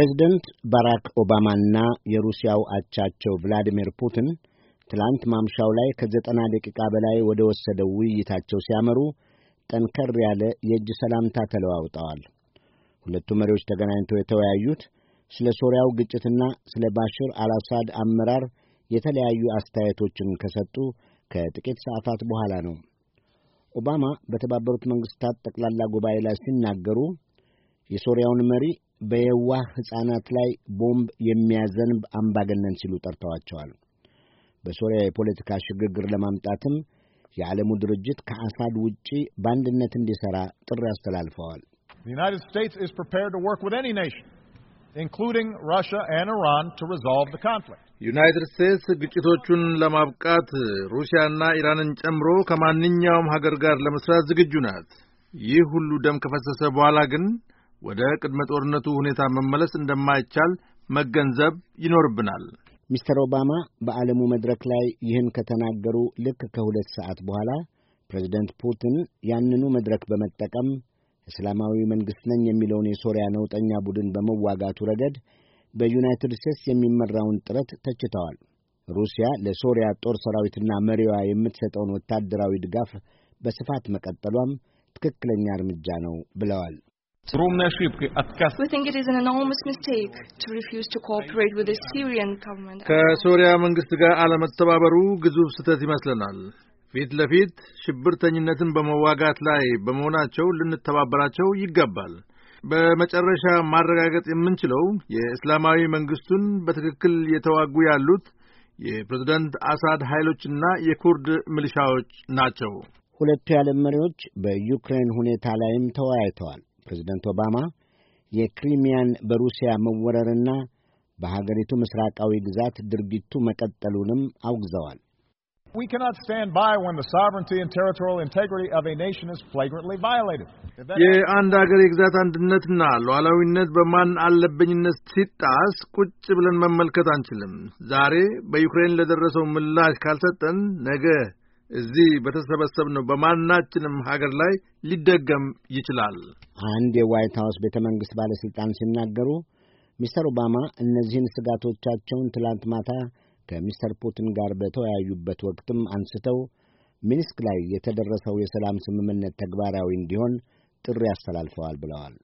ፕሬዝደንት ባራክ ኦባማና የሩሲያው አቻቸው ቭላዲሚር ፑቲን ትላንት ማምሻው ላይ ከዘጠና ደቂቃ በላይ ወደ ወሰደው ውይይታቸው ሲያመሩ ጠንከር ያለ የእጅ ሰላምታ ተለዋውጠዋል። ሁለቱ መሪዎች ተገናኝተው የተወያዩት ስለ ሶሪያው ግጭትና ስለ ባሽር አልአሳድ አመራር የተለያዩ አስተያየቶችን ከሰጡ ከጥቂት ሰዓታት በኋላ ነው። ኦባማ በተባበሩት መንግሥታት ጠቅላላ ጉባኤ ላይ ሲናገሩ የሶሪያውን መሪ በየዋህ ሕፃናት ላይ ቦምብ የሚያዘንብ አምባገነን ሲሉ ጠርተዋቸዋል። በሶሪያ የፖለቲካ ሽግግር ለማምጣትም የዓለሙ ድርጅት ከአሳድ ውጪ በአንድነት እንዲሠራ ጥሪ አስተላልፈዋል። ዩናይትድ ስቴትስ ግጭቶቹን ለማብቃት ሩሲያና ኢራንን ጨምሮ ከማንኛውም ሀገር ጋር ለመስራት ዝግጁ ናት። ይህ ሁሉ ደም ከፈሰሰ በኋላ ግን ወደ ቅድመ ጦርነቱ ሁኔታ መመለስ እንደማይቻል መገንዘብ ይኖርብናል። ሚስተር ኦባማ በዓለሙ መድረክ ላይ ይህን ከተናገሩ ልክ ከሁለት ሰዓት በኋላ ፕሬዚደንት ፑቲን ያንኑ መድረክ በመጠቀም እስላማዊ መንግሥት ነኝ የሚለውን የሶሪያ ነውጠኛ ቡድን በመዋጋቱ ረገድ በዩናይትድ ስቴትስ የሚመራውን ጥረት ተችተዋል። ሩሲያ ለሶሪያ ጦር ሰራዊትና መሪዋ የምትሰጠውን ወታደራዊ ድጋፍ በስፋት መቀጠሏም ትክክለኛ እርምጃ ነው ብለዋል። Огромной ошибкой отказ ከሶሪያ መንግስት ጋር አለመተባበሩ ግዙፍ ስህተት ይመስለናል። ፊት ለፊት ሽብርተኝነትን በመዋጋት ላይ በመሆናቸው ልንተባበራቸው ይገባል። በመጨረሻ ማረጋገጥ የምንችለው የእስላማዊ መንግስቱን በትክክል የተዋጉ ያሉት የፕሬዝደንት አሳድ ኃይሎችና የኩርድ ምልሻዎች ናቸው። ሁለቱ የዓለም መሪዎች በዩክሬን ሁኔታ ላይም ተወያይተዋል። ፕሬዚደንት ኦባማ የክሪሚያን በሩሲያ መወረርና በሀገሪቱ ምስራቃዊ ግዛት ድርጊቱ መቀጠሉንም አውግዘዋል። የአንድ አገር የግዛት አንድነትና ሉዓላዊነት በማን አለበኝነት ሲጣስ ቁጭ ብለን መመልከት አንችልም። ዛሬ በዩክሬን ለደረሰው ምላሽ ካልሰጠን ነገ እዚህ በተሰበሰብነው በማናችንም ሀገር ላይ ሊደገም ይችላል። አንድ የዋይት ሀውስ ቤተ መንግሥት ባለሥልጣን ሲናገሩ ሚስተር ኦባማ እነዚህን ስጋቶቻቸውን ትላንት ማታ ከሚስተር ፑቲን ጋር በተወያዩበት ወቅትም አንስተው ሚንስክ ላይ የተደረሰው የሰላም ስምምነት ተግባራዊ እንዲሆን ጥሪ አስተላልፈዋል ብለዋል።